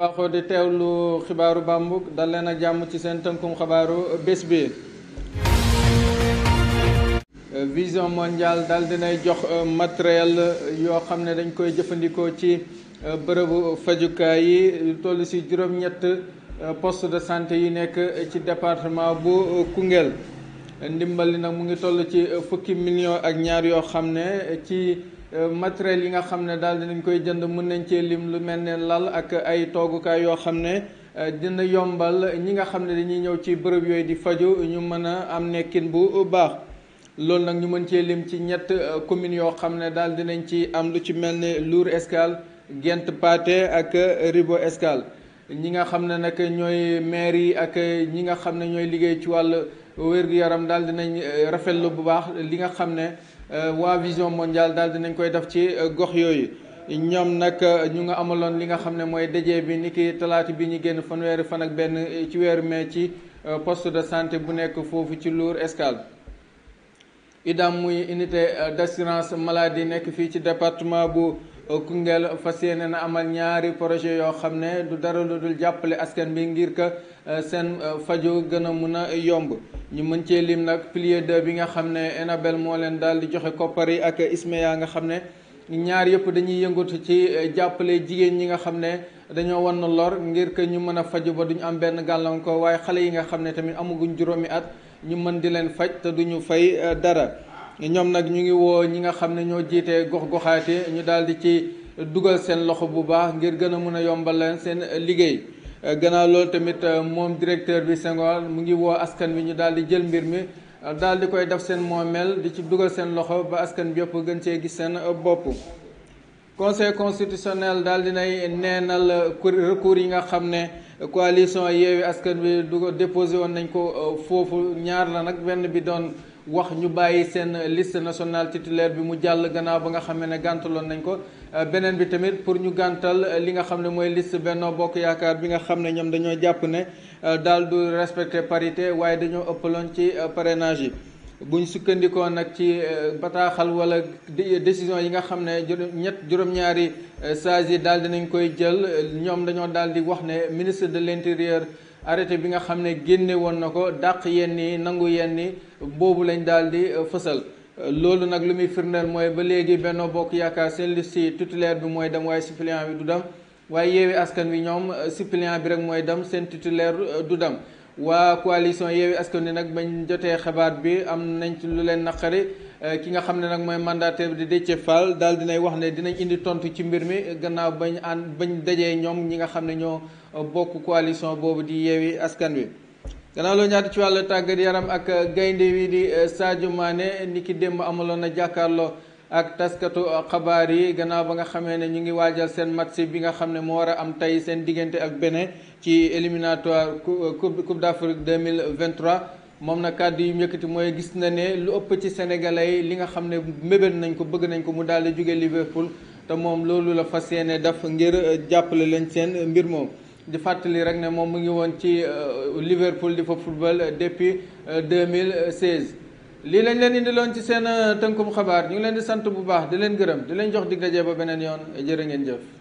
baaxoo di teewlu xibaaru bambuk dal leen ak jàmm ci seen tënkum xabaaru bés bi vision mondial dal dinay jox euh, matériel yoo xam ne dañ koy jëfandikoo ci euh, bërëbu fajukaay yi toll si juróom-ñett euh, poste de santé yi nekk ci département bu Koungheul ndimbal li nag mu ngi toll ci fukki million ak ñaar yoo xam ne ci Euh, matériel yi nga xam ne daal dinañ koy jënd mën nañ cee lim lu mel ne lal ak ay toogukaay yoo xam ne euh, dina yombal ñi nga xam ne dañuy ñëw ci bërëb yooyu di faju ñu mën a am nekkin bu baax loolu nag ñu mën cee lim ci ñett euh, communes yoo xam ne daal dinañ ci am lu ci mel ne luur Escale Gent Pathé ak ribo Escale ñi nga xam ne nag ñooy maire yi ak ñi nga xam ne ñooy liggéey ci wàll wér gu yaram daal dinañ euh, rafetlu bu baax li nga xam ne euh, waa vision mondiale daal nañ koy def ci euh, gox yooyu. ñoom nag ñu nga amaloon li nga xam ne mooy daje bi ni ki talaata bi ñu génn fanweeri fan ak benn ci weeru mai ci poste de santé bu nekk foofu ci Lour Escale. idam muy unité d'assurance maladie nekk fii ci département bu. Koungheul fas yéene na amal ñaari projet yoo xam ne du dara lu dul jàppale askan bi ngir que euh, seen euh, faju gën a mun a yomb ñu mën cee lim nag pilier 2 bi nga xam ne Enabel moo leen daal di joxe koppar yi ak yaa nga xam ne ñaar yëpp dañuy yëngatu ci euh, jàppale jigéen ñi nga xam ne dañoo wan lor ngir que ñu mën a faju ba duñu am benn gàllankoor waaye xale yi nga xam ne tamit amaguñ juróomi at ñu mën di leen faj te duñu fay dara. ñoom nag ñu ngi woo ñi nga xam ne ñoo jiite gox goxaate ñu daal di ci dugal seen loxo bu baax ngir gën a mun a yombal leen seen liggéey gannaaw loolu tamit euh, moom directeur bi Senghor mu ngi woo askan wi ñu daal di jël mbir mi euh, daal di koy def seen moomeel di ci dugal seen loxo ba askan bi yëpp gën cee gis seen euh, bopp conseil constitutionnel daal dinay neenal recours yi nga xam ne coalition Yewwi Askan Wi du déposé woon nañ ko foofu ñaar la nag benn bi doon wax ñu bàyyi seen liste nationale titulaire bi mu jàll gannaaw ba nga xamee ne gàntaloon nañ ko euh, beneen bi tamit pour ñu gàntal euh, li nga xam ne mooy liste Benno Bokk Yaakaar bi nga xam ne ñoom dañoo jàpp ne euh, daal du respecter parité waaye dañoo ëppaloon ci parrainage yi buñ sukkandikoo nag ci bataaxal wala décision yi nga xam ne ñett juróom-ñaari sages yi daal dinañ koy jël ñoom dañoo daal di wax ne ministre de l'intérieur arrêté bi nga xam ne génne woon na ko dàq yenn yi nangu yenn yi boobu lañ daal di euh, fësal euh, loolu nag lu muy firndeel mooy ba léegi benn Bokk Yaakaar seen liste yi titulaire bi mooy dem waaye suppléant bi du dem waaye Yewwi Askan Wi ñoom euh, suppléant bi rek mooy dem seen titulaire du dem waa coalition Yewwi Askan Wi nag bañ jotee xabaat bi am nañ ci lu leen naqari Euh, ki nga xam ne nag mooy mandataire bi di Déthié Fall daal dinay wax ne dinañ indi tontu ci mbir mi gannaaw bañ ànd bañ dajee ñoom ñi nga xam ne ñoo euh, bokk coalition boobu di yeewi askan wi. gannaaw loo ñaata ci wàll tàggat yaram ak euh, gaynde wi di Sadio Mané ni ki démb amaloon a jàkkaarloo ak taskatu xabaar yi gannaaw ba nga xamee ne ñu ngi waajal seen match bi nga xam ne moo war a am tey seen diggante ak beneen ci éliminatoire coupe coupe d'Afrique 2023 moom nag kàddu yu mu yëkkati mooy gis na ne lu ëpp ci sénégalais yi li nga xam ne mébét nañ ko bëgg nañ ko mu daal di jóge Liverpool te moom loolu la fas yéene daf ngir euh, jàppale leen seen euh, mbir moom. di fàttali rek ne moom mu ngi woon ci euh, Liverpool di fa football depuis deux mille 2016 lii lañ leen indiloon ci seen tënkum xabaar ñu ngi leen di sant bu baax di leen gërëm di leen jox dig daje ba beneen yoon jërë ngeen jëf.